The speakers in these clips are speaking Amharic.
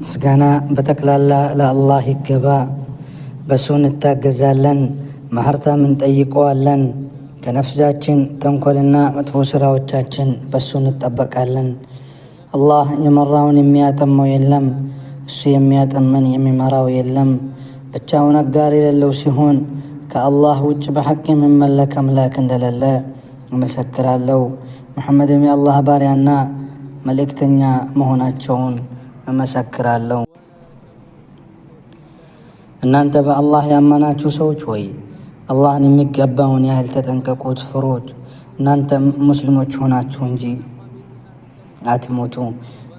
ምስጋና በጠቅላላ ለአላህ ይገባ። በሱ እንታገዛለን፣ ማህርታም እንጠይቀዋለን። ከነፍሳችን ተንኮልና መጥፎ ስራዎቻችን በሱ እንጠበቃለን። አላህ የመራውን የሚያጠመው የለም፣ እሱ የሚያጠመን የሚመራው የለም። ብቻውን አጋር የሌለው ሲሆን ከአላህ ውጭ በሐቅ የሚመለክ አምላክ እንደሌለ እመሰክራለሁ። መሐመድም የአላህ ባሪያና መልእክተኛ መሆናቸውን እመሰክራለሁ። እናንተ በአላህ ያመናችሁ ሰዎች ሆይ አላህን የሚገባውን ያህል ተጠንቀቁት፣ ፍሩት። እናንተም ሙስሊሞች ሆናችሁ እንጂ አትሞቱ።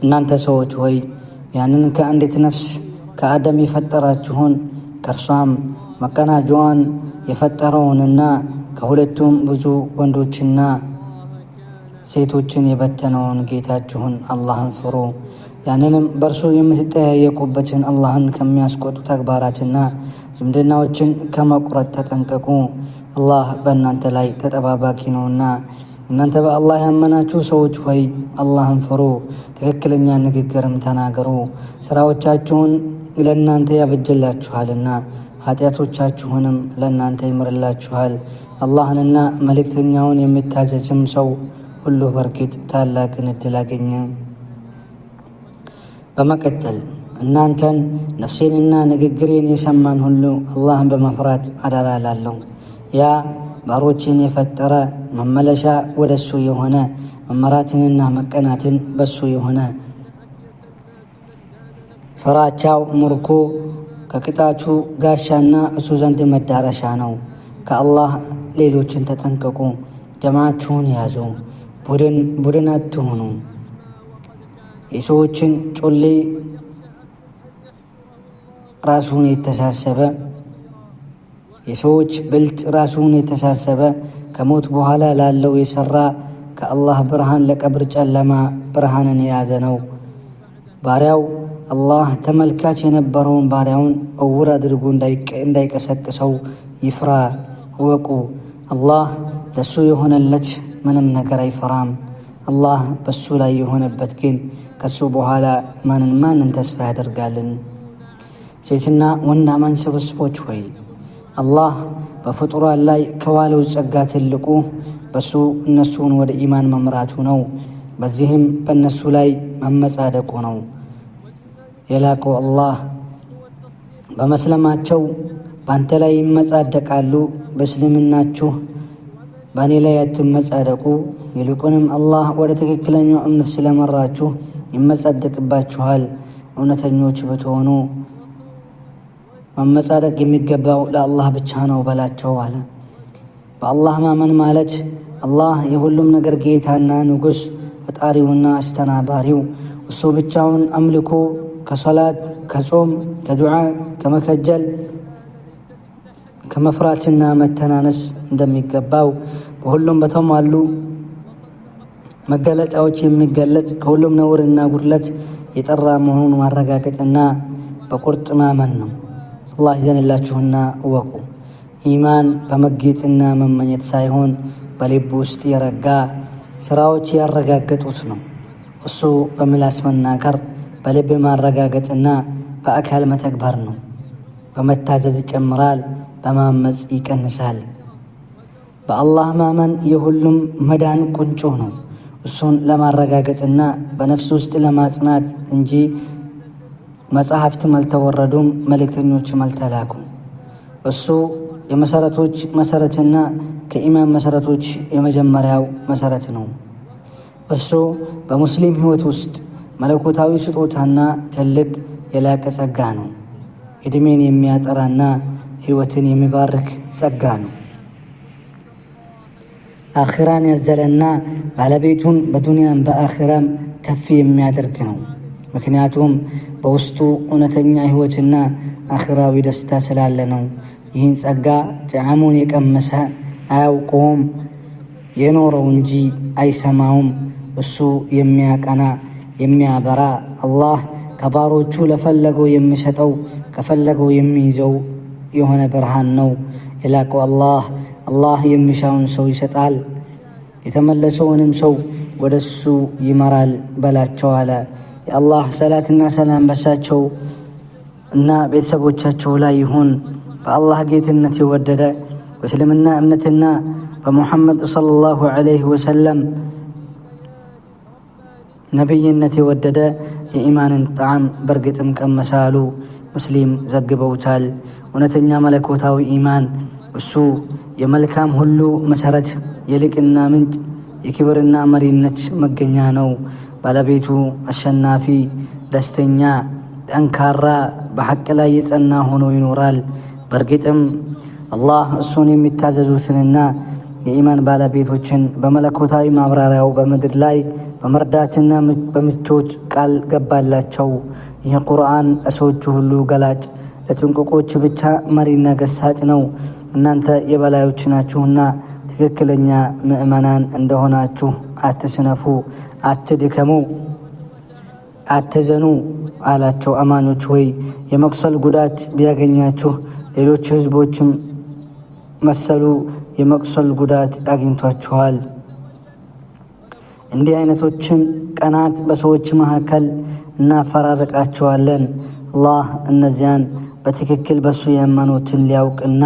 እናንተ ሰዎች ሆይ ያንን ከአንዲት ነፍስ ከአደም የፈጠራችሁን ከእርሷም መቀናጇዋን የፈጠረውንና ከሁለቱም ብዙ ወንዶችና ሴቶችን የበተነውን ጌታችሁን አላህን ፍሩ። ያንንም በእርሱ የምትጠያየቁበትን አላህን ከሚያስቆጡ ተግባራትና ዝምድናዎችን ከመቁረጥ ተጠንቀቁ። አላህ በእናንተ ላይ ተጠባባቂ ነውና። እናንተ በአላህ ያመናችሁ ሰዎች ሆይ አላህን ፍሩ፣ ትክክለኛ ንግግርም ተናገሩ። ስራዎቻችሁን ለእናንተ ያበጀላችኋልና ኃጢአቶቻችሁንም ለእናንተ ይምርላችኋል። አላህንና መልእክተኛውን የሚታዘዝም ሰው ሁሉ በእርግጥ ታላቅን እድል አገኘ። በመቀጠል እናንተን ነፍሴንና ንግግሬን የሰማን ሁሉ አላህን በመፍራት አደራ እላለሁ። ያ ባሮችን የፈጠረ መመለሻ ወደ እሱ የሆነ መመራትንና መቀናትን በሱ የሆነ ፍራቻው ምርኮ ከቅጣቹ ጋሻና እሱ ዘንድ መዳረሻ ነው። ከአላህ ሌሎችን ተጠንቀቁ፣ ጀማችሁን ያዙ። ቡድን ቡድን አትሆኑ። የሰዎችን ጮሌ ራሱን የተሳሰበ የሰዎች ብልጥ ራሱን የተሳሰበ ከሞት በኋላ ላለው የሰራ ከአላህ ብርሃን ለቀብር ጨለማ ብርሃንን የያዘ ነው። ባሪያው አላህ ተመልካች የነበረውን ባሪያውን እውር አድርጎ እንዳይቀሰቅሰው ይፍራ። ወቁ አላህ ለሱ የሆነለች ምንም ነገር አይፈራም። አላህ በሱ ላይ የሆነበት ግን ከሱ በኋላ ማንን ማንን ተስፋ ያደርጋልን? ሴትና ወንድ አማኝ ስብስቦች ሆይ አላህ በፍጡራን ላይ ከዋለው ጸጋ ትልቁ በሱ እነሱን ወደ ኢማን መምራቱ ነው። በዚህም በእነሱ ላይ መመጻደቁ ነው። የላከው አላህ በመስለማቸው በአንተ ላይ ይመጻደቃሉ። በእስልምናችሁ በእኔ ላይ አትመጻደቁ፣ ይልቁንም አላህ ወደ ትክክለኛው እምነት ስለመራችሁ ይመጻደቅባችኋል። እውነተኞች ብትሆኑ መመጻደቅ የሚገባው ለአላህ ብቻ ነው በላቸው አለ። በአላህ ማመን ማለት አላህ የሁሉም ነገር ጌታና ንጉሥ፣ ፈጣሪውና አስተናባሪው እሱ ብቻውን አምልኮ ከሰላት ከጾም ከዱዓ ከመከጀል ከመፍራትና መተናነስ እንደሚገባው በሁሉም በተሟሉ መገለጫዎች የሚገለጽ ከሁሉም ነውርና ጉድለት የጠራ መሆኑን ማረጋገጥና በቁርጥ ማመን ነው። አላህ ይዘንላችሁና እወቁ። ኢማን በመጌጥና መመኘት ሳይሆን በልብ ውስጥ የረጋ ስራዎች ያረጋገጡት ነው። እሱ በምላስ መናገር፣ በልብ ማረጋገጥና በአካል መተግበር ነው። በመታዘዝ ይጨምራል። በማመፅ ይቀንሳል። በአላህ ማመን የሁሉም መዳን ቁንጮ ነው። እሱን ለማረጋገጥና በነፍስ ውስጥ ለማጽናት እንጂ መጽሐፍትም አልተወረዱም፣ መልእክተኞችም አልተላኩም። እሱ የመሰረቶች መሰረትና ከኢማን መሰረቶች የመጀመሪያው መሰረት ነው። እሱ በሙስሊም ሕይወት ውስጥ መለኮታዊ ስጦታና ትልቅ የላቀ ጸጋ ነው። እድሜን የሚያጠራና ህይወትን የሚባርክ ጸጋ ነው። አኺራን ያዘለና ባለቤቱን በዱንያም በአኺራም ከፍ የሚያደርግ ነው። ምክንያቱም በውስጡ እውነተኛ ህይወትና አኺራዊ ደስታ ስላለ ነው። ይህን ጸጋ ጣዕሙን የቀመሰ አያውቀውም፣ የኖረው እንጂ አይሰማውም። እሱ የሚያቀና የሚያበራ አላህ ከባሮቹ ለፈለገው የሚሰጠው ከፈለገው የሚይዘው የሆነ ብርሃን ነው የላከው አላህ። አላህ የሚሻውን ሰው ይሰጣል፣ የተመለሰውንም ሰው ወደ እሱ ይመራል በላቸው አለ። የአላህ ሰላትና ሰላም በሳቸው እና ቤተሰቦቻቸው ላይ ይሁን። በአላህ ጌትነት የወደደ በእስልምና እምነትና በሙሐመድ ሰለላሁ ዐለይሂ ወሰለም ነቢይነት የወደደ የኢማንን ጣዕም በእርግጥም ቀመሳሉ። ሙስሊም ዘግበውታል። እውነተኛ መለኮታዊ ኢማን እሱ የመልካም ሁሉ መሰረት የልቅና ምንጭ የክብርና መሪነት መገኛ ነው። ባለቤቱ አሸናፊ፣ ደስተኛ፣ ጠንካራ በሐቅ ላይ የጸና ሆኖ ይኖራል። በእርግጥም አላህ እሱን የሚታዘዙትንና የኢማን ባለቤቶችን በመለኮታዊ ማብራሪያው በምድር ላይ በመርዳትና በምቾት ቃል ገባላቸው። ይህ ቁርአን ለሰዎቹ ሁሉ ገላጭ ለጥንቁቆች ብቻ መሪና ገሳጭ ነው። እናንተ የበላዮች ናችሁና ትክክለኛ ምእመናን እንደሆናችሁ አትስነፉ፣ አትድከሙ፣ አትዘኑ አላቸው። አማኞች ሆይ የመቁሰል ጉዳት ቢያገኛችሁ ሌሎች ህዝቦችም መሰሉ የመቁሰል ጉዳት አግኝቷችኋል። እንዲህ አይነቶችን ቀናት በሰዎች መካከል እናፈራርቃቸዋለን። አላህ እነዚያን በትክክል በሱ ያመኑትን ሊያውቅና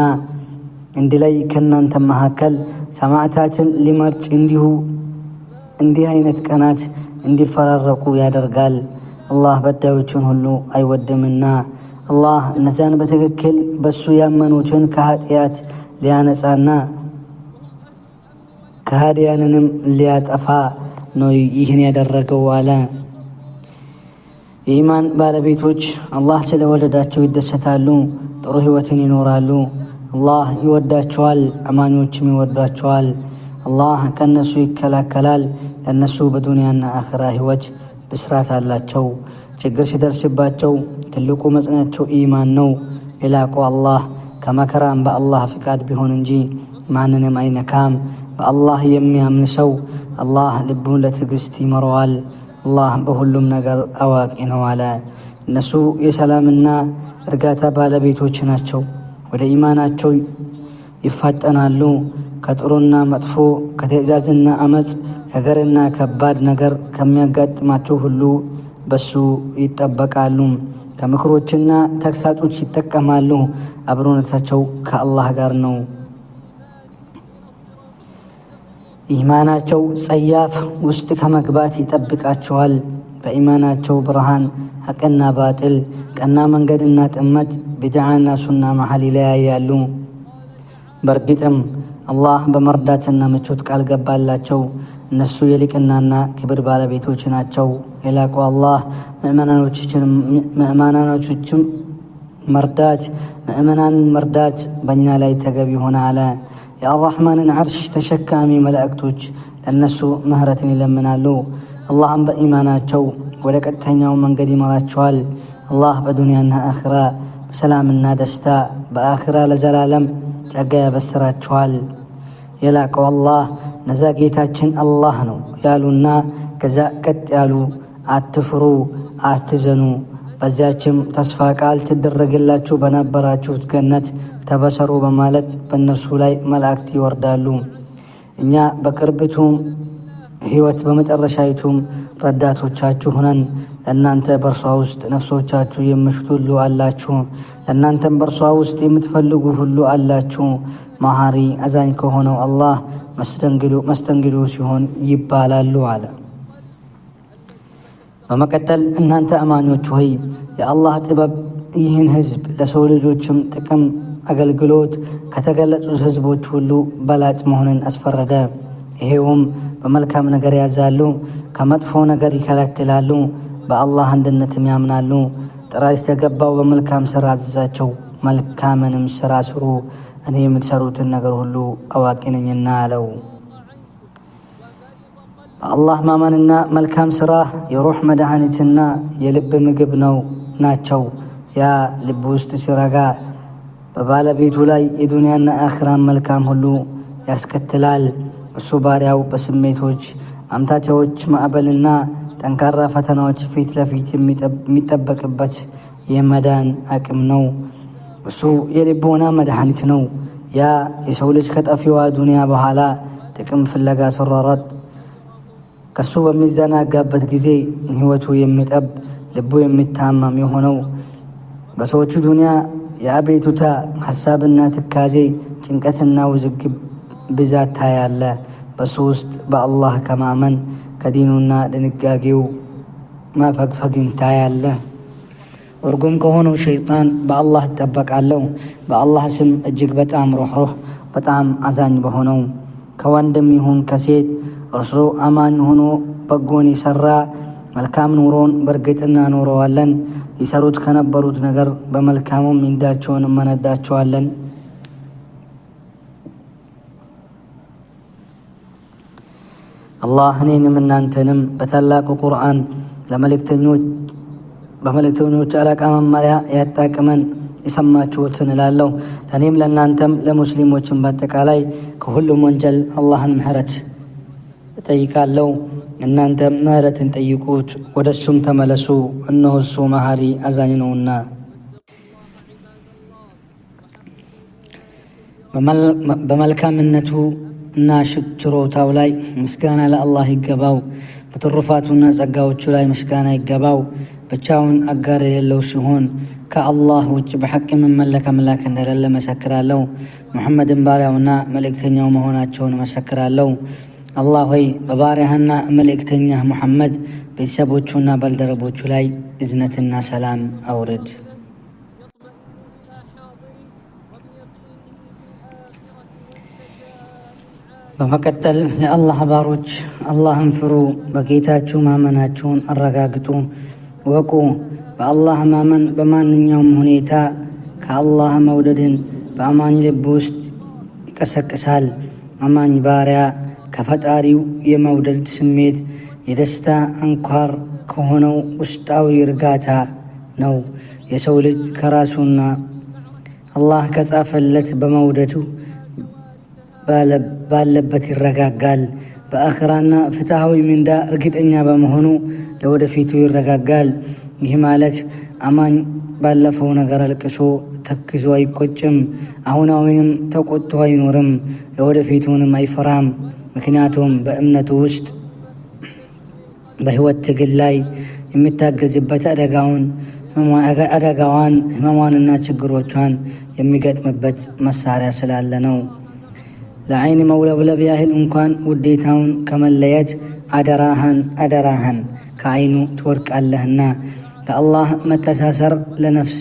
እንዲ ላይ ከእናንተ መካከል ሰማዕታችን ሊመርጭ እንዲሁ እንዲህ አይነት ቀናት እንዲፈራረቁ ያደርጋል። አላህ በዳዮችን ሁሉ አይወድምና አላህ እነዛን በትክክል በሱ ያመኑትን ከኃጢአት ሊያነጻና ከሃዲያንንም ሊያጠፋ ነው ይህን ያደረገው አለ። የኢማን ባለቤቶች አላህ ስለወለዳቸው ይደሰታሉ፣ ጥሩ ህይወትን ይኖራሉ። አላህ ይወዳቸዋል፣ አማኞችም ይወዷቸዋል። አላህ ከነሱ ይከላከላል። ለእነሱ በዱንያና አኽራ ህይወት ብስራት አላቸው። ችግር ሲደርስባቸው ትልቁ መጽናቸው ኢማን ነው። የላቀው አላህ ከመከራም በአላህ ፍቃድ ቢሆን እንጂ ማንንም አይነካም። በአላህ የሚያምን ሰው አላህ ልቡን ለትዕግስት ይመረዋል። አላህ በሁሉም ነገር አዋቂ ነው አለ። እነሱ የሰላምና እርጋታ ባለቤቶች ናቸው። ወደ ኢማናቸው ይፋጠናሉ። ከጥሩና መጥፎ፣ ከትዕዛዝና አመፅ፣ ከገርና ከባድ ነገር ከሚያጋጥማቸው ሁሉ በሱ ይጠበቃሉ። ከምክሮችና ተግሳጾች ይጠቀማሉ። አብሮነታቸው ከአላህ ጋር ነው። ኢማናቸው ጸያፍ ውስጥ ከመግባት ይጠብቃቸዋል። በኢማናቸው ብርሃን ሐቅና ባጥል፣ ቀና መንገድና ጥመት፣ ቢድዓና ሱና መሃል ይለያያሉ። በእርግጥም አላህ በመርዳትና ምቾት ቃል ገባላቸው። እነሱ የሊቅናና ክብር ባለቤቶች ናቸው። የላቁ አላህ ምእመናኖችም መርዳት ምእመናንን መርዳት በእኛ ላይ ተገቢ ሆነ አለ። የአራህማንን ዐርሽ ተሸካሚ መላእክቶች ለእነሱ ምህረትን ይለምናሉ። አላህም በኢማናቸው ወደ ቀጥተኛው መንገድ ይመራቸዋል። አላህ በዱንያና አኽራ በሰላምና ደስታ በአኽራ ለዘላለም ጸጋ ያበስራቸዋል። የላቀው አላህ ነዛ ጌታችን አላህ ነው ያሉና ከዛ ቀጥ ያሉ አትፍሩ፣ አትዘኑ በዚያችም ተስፋ ቃል ትደረግላችሁ በነበራችሁት ገነት ተበሰሩ በማለት በእነርሱ ላይ መላእክት ይወርዳሉ። እኛ በቅርቢቱም ሕይወት በመጨረሻይቱም ረዳቶቻችሁ ሆነን ለእናንተ በእርሷ ውስጥ ነፍሶቻችሁ የምሽት ሁሉ አላችሁ። ለእናንተም በእርሷ ውስጥ የምትፈልጉ ሁሉ አላችሁ። መሐሪ አዛኝ ከሆነው አላህ መስተንግዶ ሲሆን ይባላሉ አለ። በመቀጠል እናንተ አማኞች ሆይ የአላህ ጥበብ ይህን ህዝብ ለሰው ልጆችም ጥቅም አገልግሎት ከተገለጹት ህዝቦች ሁሉ በላጭ መሆንን አስፈረደ። ይሄውም በመልካም ነገር ያዛሉ፣ ከመጥፎ ነገር ይከለክላሉ፣ በአላህ አንድነትም ያምናሉ። ጥራት የተገባው በመልካም ስራ አዘዛቸው። መልካምንም ስራ ስሩ፣ እኔ የምትሰሩትን ነገር ሁሉ አዋቂ ነኝና አለው። አላህ ማመንና መልካም ስራ የሩህ መድኃኒትና የልብ ምግብ ነው ናቸው። ያ ልብ ውስጥ ሲረጋ በባለቤቱ ላይ የዱንያና አኽራን መልካም ሁሉ ያስከትላል። እሱ ባሪያው በስሜቶች አምታቻዎች ማዕበልና ጠንካራ ፈተናዎች ፊት ለፊት የሚጠበቅበት የመዳን አቅም ነው። እሱ የልቦና መድኃኒት ነው። ያ የሰው ልጅ ከጠፊዋ ዱንያ በኋላ ጥቅም ፍለጋ ሲሯሯጥ ከእሱ በሚዘናጋበት ጊዜ ህይወቱ የሚጠብ ልቡ የሚታመም የሆነው በሰዎቹ ዱንያ የአቤቱታ ሀሳብና ትካዜ፣ ጭንቀትና ውዝግብ ብዛት ታያለ። በሱ ውስጥ በአላህ ከማመን ከዲኑና ድንጋጌው ማፈግፈግን ታያለ። እርጉም ከሆነው ሸይጣን በአላህ እጠበቃለሁ። በአላህ ስም እጅግ በጣም ሩኅሩህ በጣም አዛኝ በሆነው ከወንድም ይሁን ከሴት እርሱ አማን ሆኖ በጎን የሰራ መልካም ኑሮን በእርግጥና ኖረዋለን። ይሰሩት ከነበሩት ነገር በመልካሙም ምንዳቸውን እመነዳቸዋለን። አላህ እኔንም እናንተንም በታላቁ ቁርአን በመልእክተኞች አለቃ መመሪያ ያጣቅመን የሰማችሁትን እላለሁ። ለእኔም ለእናንተም ለሙስሊሞችን በአጠቃላይ ከሁሉም ወንጀል አላህን ምሕረት እጠይቃለሁ። እናንተም ምሕረትን ጠይቁት፣ ወደ እሱም ተመለሱ። እነሆ እሱ መሐሪ አዛኝ ነውና። በመልካምነቱ እና ችሮታው ላይ ምስጋና ለአላህ ይገባው። በትሩፋቱና ጸጋዎቹ ላይ ምስጋና ይገባው። ብቻውን አጋር የሌለው ሲሆን ከአላህ ውጭ በሐቅ የምመለክ አምላክ እንደሌለ መሰክራለሁ። መሐመድን ባሪያውና መልእክተኛው መሆናቸውን መሰክራለሁ። አላህ ሆይ በባሪያህና መልእክተኛህ ሙሐመድ ቤተሰቦቹና ባልደረቦቹ ላይ እዝነትና ሰላም አውርድ። በመቀጠል የአላህ ባሮች አላህን ፍሩ፣ በጌታችሁ ማመናችሁን አረጋግጡ፣ ወቁ በአላህ ማመን በማንኛውም ሁኔታ ከአላህ መውደድን በአማኝ ልብ ውስጥ ይቀሰቅሳል። አማኝ ባሪያ ከፈጣሪው የመውደድ ስሜት የደስታ አንኳር ከሆነው ውስጣዊ እርጋታ ነው። የሰው ልጅ ከራሱና አላህ ከጻፈለት በመውደዱ ባለበት ይረጋጋል። በአኽራና ፍትሐዊ ምንዳ እርግጠኛ በመሆኑ ለወደፊቱ ይረጋጋል። ይህ ማለት አማኝ ባለፈው ነገር አልቅሶ ተክዞ አይቆጭም፣ አሁናዊንም ተቆጥቶ አይኖርም፣ ለወደፊቱንም አይፈራም። ምክንያቱም በእምነቱ ውስጥ በህይወት ትግል ላይ የሚታገዝበት አደጋውን አደጋዋን ህመሟንና ችግሮቿን የሚገጥምበት መሳሪያ ስላለ ነው። ለአይን መውለብለብ ያህል እንኳን ውዴታውን ከመለየት አደራህን አደራህን ከአይኑ ትወድቃለህና ከአላህ መተሳሰር ለነፍስ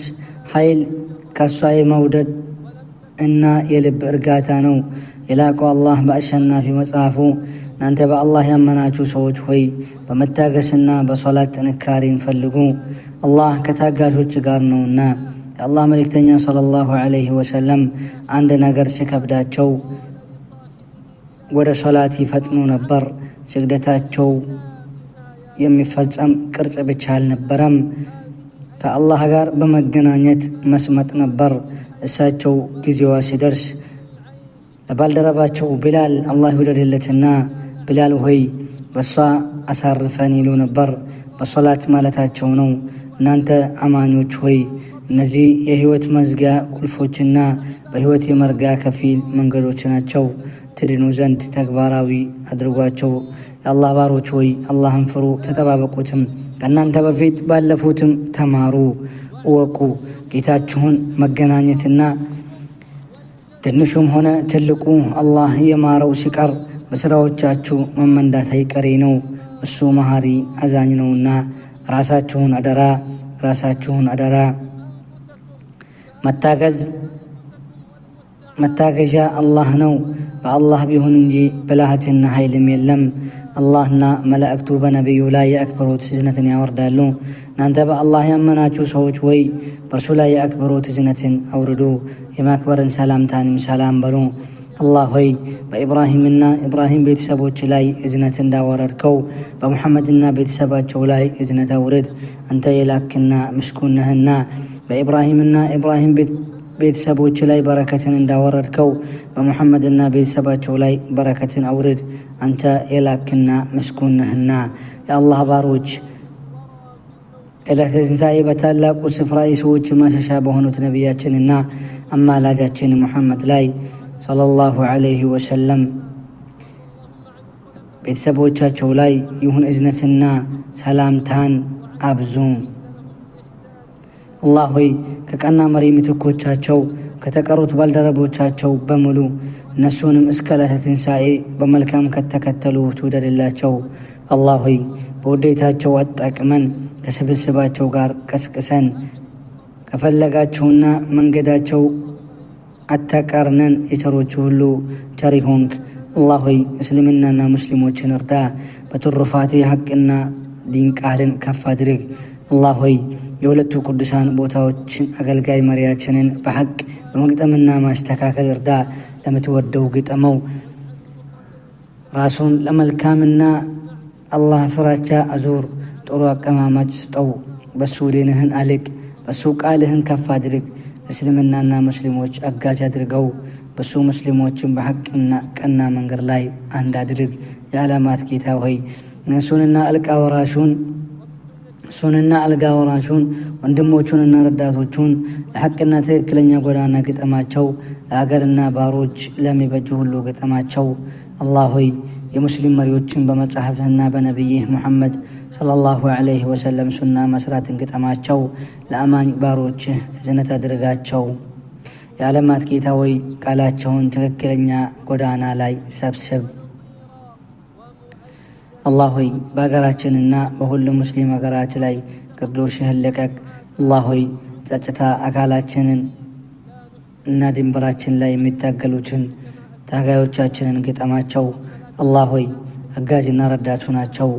ኃይል ከሷ የመውደድ እና የልብ እርጋታ ነው። የላቀው አላህ በአሸናፊ መጽሐፉ እናንተ በአላህ ያመናችሁ ሰዎች ሆይ በመታገስና በሶላት ጥንካሬን ፈልጉ፣ አላህ ከታጋሾች ጋር ነውና። የአላህ መልእክተኛ ሰለላሁ ዐለይሂ ወሰለም አንድ ነገር ሲከብዳቸው ወደ ሶላት ይፈጥኑ ነበር። ስግደታቸው የሚፈጸም ቅርጽ ብቻ አልነበረም። ከአላህ ጋር በመገናኘት መስመጥ ነበር። እሳቸው ጊዜዋ ሲደርስ ለባልደረባቸው ቢላል አላህ ይውደድለትና ቢላል ሆይ በሷ አሳርፈን ይሉ ነበር። በሶላት ማለታቸው ነው። እናንተ አማኞች ሆይ እነዚህ የህይወት መዝጊያ ቁልፎችና በህይወት የመርጋ ከፊል መንገዶች ናቸው። ትድኑ ዘንድ ተግባራዊ አድርጓቸው። የአላህ ባሮች ሆይ አላህን ፍሩ፣ ተጠባበቁትም፣ ከእናንተ በፊት ባለፉትም ተማሩ፣ እወቁ። ጌታችሁን መገናኘትና ትንሹም ሆነ ትልቁ አላህ የማረው ሲቀር በሥራዎቻችሁ መመንዳት አይቀሬ ነው። እሱ መሐሪ አዛኝ ነውና ራሳችሁን አደራ ራሳችሁን አደራ መታገዝ መታገዣ አላህ ነው፣ በአላህ ቢሆን እንጂ ብልሃትና ኃይልም የለም። አላህና መላእክቱ በነቢዩ ላይ የአክብሮት እዝነትን ያወርዳሉ። እናንተ በአላህ ያመናችሁ ሰዎች ወይ በእርሱ ላይ የአክብሮት እዝነትን አውርዱ፣ የማክበርን ሰላምታንም ሰላም በሉ። አላህ ሆይ በኢብራሂምና ኢብራሂም ቤተሰቦች ላይ እዝነት እንዳወረድከው በሙሐመድና ቤተሰባቸው ላይ እዝነት አውርድ። አንተ የላክና ምስኩን ነህና በኢብራሂምና ኢብራሂም ቤተሰቦች ላይ በረከትን እንዳወረድከው በሙሐመድና ቤተሰባቸው ላይ በረከትን አውርድ። አንተ የላክና ምስጉን ነህና። የአላህ ባሮች ዕለተ ትንሣኤ በታላቁ ስፍራ የሰዎች ማሻሻ በሆኑት ነቢያችንና አማላጃችን ሙሐመድ ላይ ሰለላሁ ዐለይሂ ወሰለም ቤተሰቦቻቸው ላይ ይሁን እዝነትና ሰላምታን አብዙ። አላህ ሆይ ከቀና መሪ ምትኮቻቸው ከተቀሩት ባልደረቦቻቸው በሙሉ እነሱንም እስከ ዕለተ ትንሣኤ በመልካም ከተከተሉ ትውደድላቸው። አላህ ሆይ በውዴታቸው አጣቅመን ከስብስባቸው ጋር ቀስቅሰን ከፈለጋቸውና መንገዳቸው አታቃርነን የቸሮቹ ሁሉ ቸሪ ሆንክ። አላህ ሆይ እስልምናና ሙስሊሞችን እርዳ። በትሩፋት ሐቅና ዲን ቃልን ከፍ አድርግ። አላህ ሆይ የሁለቱ ቅዱሳን ቦታዎችን አገልጋይ መሪያችንን በሐቅ በመግጠምና ማስተካከል እርዳ። ለምትወደው ግጠመው። ራሱን ለመልካምና አላህ ፍራቻ አዙር። ጥሩ አቀማማጭ ስጠው። በሱ ዴንህን አልቅ፣ በሱ ቃልህን ከፍ አድርግ። እስልምናና ሙስሊሞች አጋጅ አድርገው። በሱ ሙስሊሞችን በሐቅና ቀና መንገድ ላይ አንድ አድርግ። የዓላማት ጌታ ሆይ ነሱንና አልቃ ወራሹን እሱንና አልጋ ወራሹን ወንድሞቹንና ረዳቶቹን ለሐቅና ትክክለኛ ጎዳና ግጠማቸው። ለአገርና ባሮች ለሚበጁ ሁሉ ግጠማቸው። አላህ ሆይ የሙስሊም መሪዎችን በመጽሐፍህና በነቢይህ ሙሐመድ ሰለላሁ ዐለይሂ ወሰለም ሱና መስራትን ግጠማቸው። ለአማኝ ባሮችህ እዝነት አድርጋቸው። የዓለማት ጌታ ወይ ቃላቸውን ትክክለኛ ጎዳና ላይ ሰብስብ። አላህ ሆይ በሀገራችንና በሁሉም ሙስሊም ሀገራት ላይ ግርዶሽህን ልቀቅ። አላህ ሆይ ጸጥታ አካላችንን እና ድንበራችን ላይ የሚታገሉትን ታጋዮቻችንን ግጠማቸው። አላህ ሆይ አጋዥና ረዳቱ ናቸው።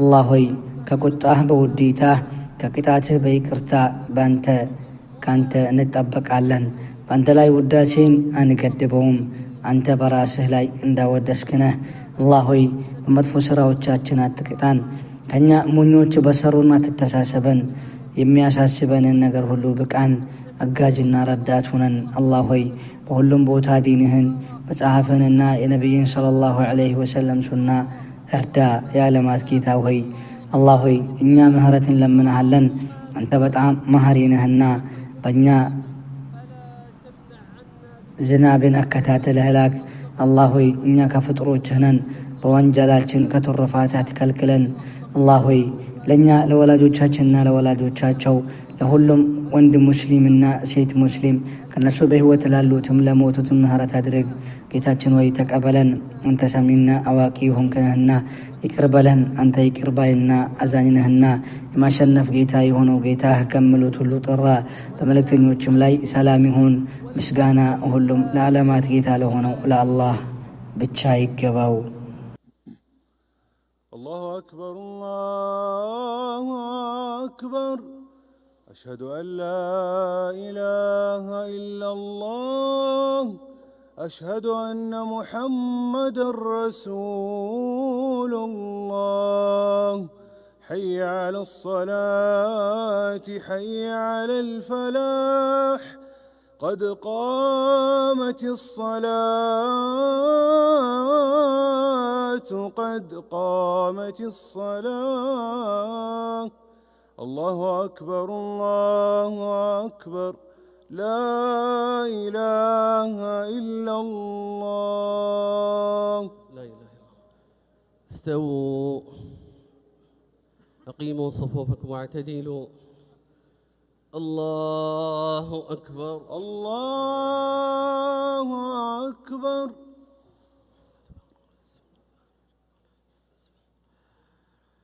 አላህ ሆይ ከቁጣህ በውዴታህ ከቅጣትህ በይቅርታ በአንተ ከአንተ እንጠበቃለን። በአንተ ላይ ውዳሴን አንገድበውም። አንተ በራስህ ላይ እንዳወደስክ ነህ። አላህ ሆይ በመጥፎ ሥራዎቻችን አትቅጣን፣ ከእኛ ሞኞች በሰሩን አትተሳሰበን፣ የሚያሳስበንን ነገር ሁሉ ብቃን፣ አጋዥና ረዳት ሁነን። አላህ ሆይ በሁሉም ቦታ ዲንህን መጽሐፍንና የነቢይን ሰለላሁ ዐለይሂ ወሰለም ሱና እርዳ። የዓለማት ጌታ ሆይ አላህ ሆይ እኛ ምህረትን ለምንሃለን፣ አንተ በጣም መሐሪ ነህና በእኛ ዝናብን አከታተለህ ላክ። አላህ ሆይ እኛ ከፍጡሮችህ ነን፣ በወንጀላችን ከትሩፋት አትከልክለን። አላህ ሆይ ለእኛ ለወላጆቻችንና ለወላጆቻቸው ለሁሉም ወንድ ሙስሊምና ሴት ሙስሊም ከነሱ በህይወት ላሉትም ለሞቱትም ምህረት አድርግ። ጌታችን ወይ ተቀበለን፣ አንተ ሰሚና አዋቂ ሆንክነህና ይቅር በለን፣ አንተ ይቅር ባይና የማሸነፍ ጌታ የሆነው ጌታ ከምሉት ሁሉ ጥራ። በመልእክተኞችም ላይ ሰላም ይሁን ምስጋና፣ ሁሉም ለዓለማት ጌታ ለሆነው ለአላህ ብቻ ይገባው። አላሁ አክበር አላሁ አክበር أشهد أن لا إله إلا الله أشهد أن محمدا رسول الله حي على الصلاة حي على الفلاح قد قامت الصلاة قد قامت الصلاة الله أكبر الله أكبر لا إله إلا الله لا إله استووا أقيموا صفوفكم واعتدلوا الله أكبر الله أكبر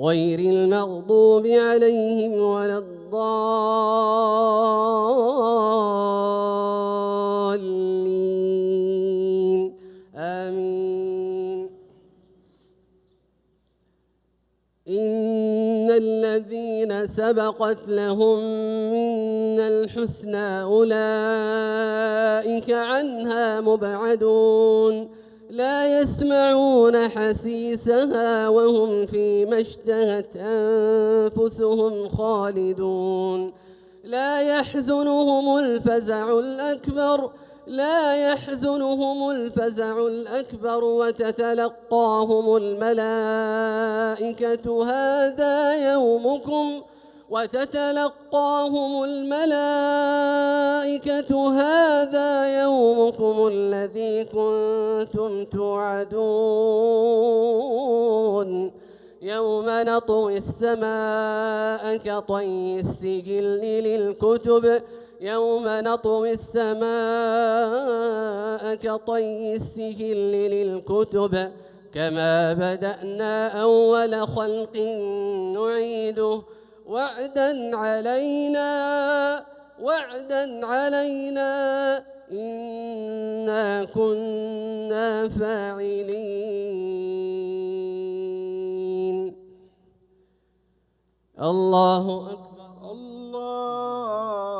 غير المغضوب عليهم ولا الضالين آمين إن الذين سبقت لهم منا الحسنى أولئك عنها مبعدون لا يسمعون حسيسها وهم فيما اشتهت أنفسهم خالدون لا يحزنهم الفزع الأكبر لا يحزنهم الفزع الأكبر وتتلقاهم الملائكة هذا يومكم ۖ وتتلقاهم الملائكة هذا يومكم الذي كنتم توعدون يوم نطوي السماء كطي السجل للكتب يوم نطوي السماء كطي السجل للكتب كما بدأنا أول خلق نعيده وعدا علينا وعدا علينا إنا كنا فاعلين الله أكبر الله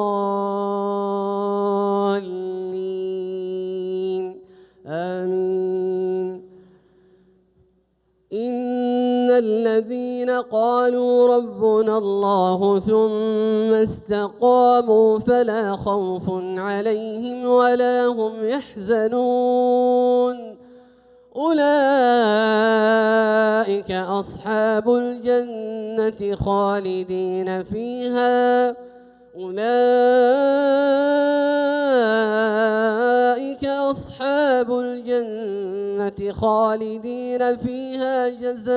الذين قالوا ربنا الله ثم استقاموا فلا خوف عليهم ولا هم يحزنون أولئك أصحاب الجنة خالدين فيها أولئك أصحاب الجنة خالدين فيها جزاء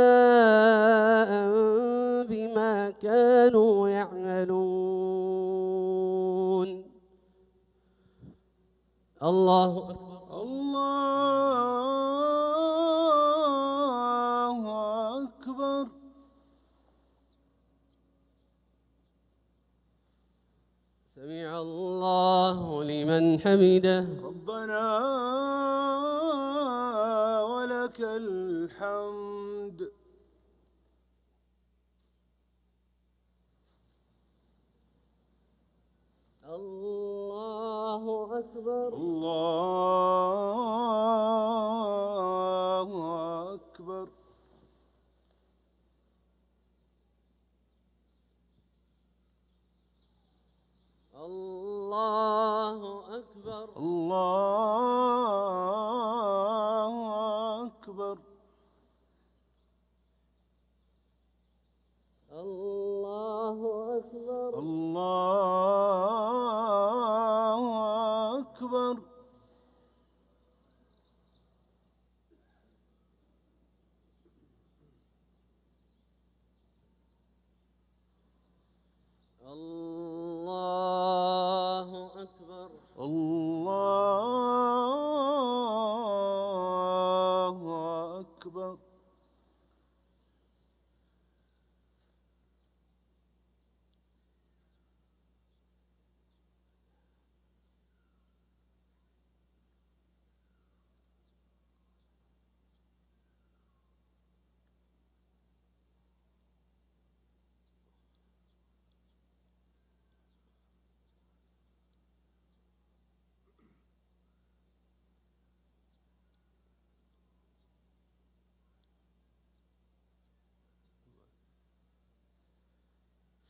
بما كانوا يعملون الله أكبر حمده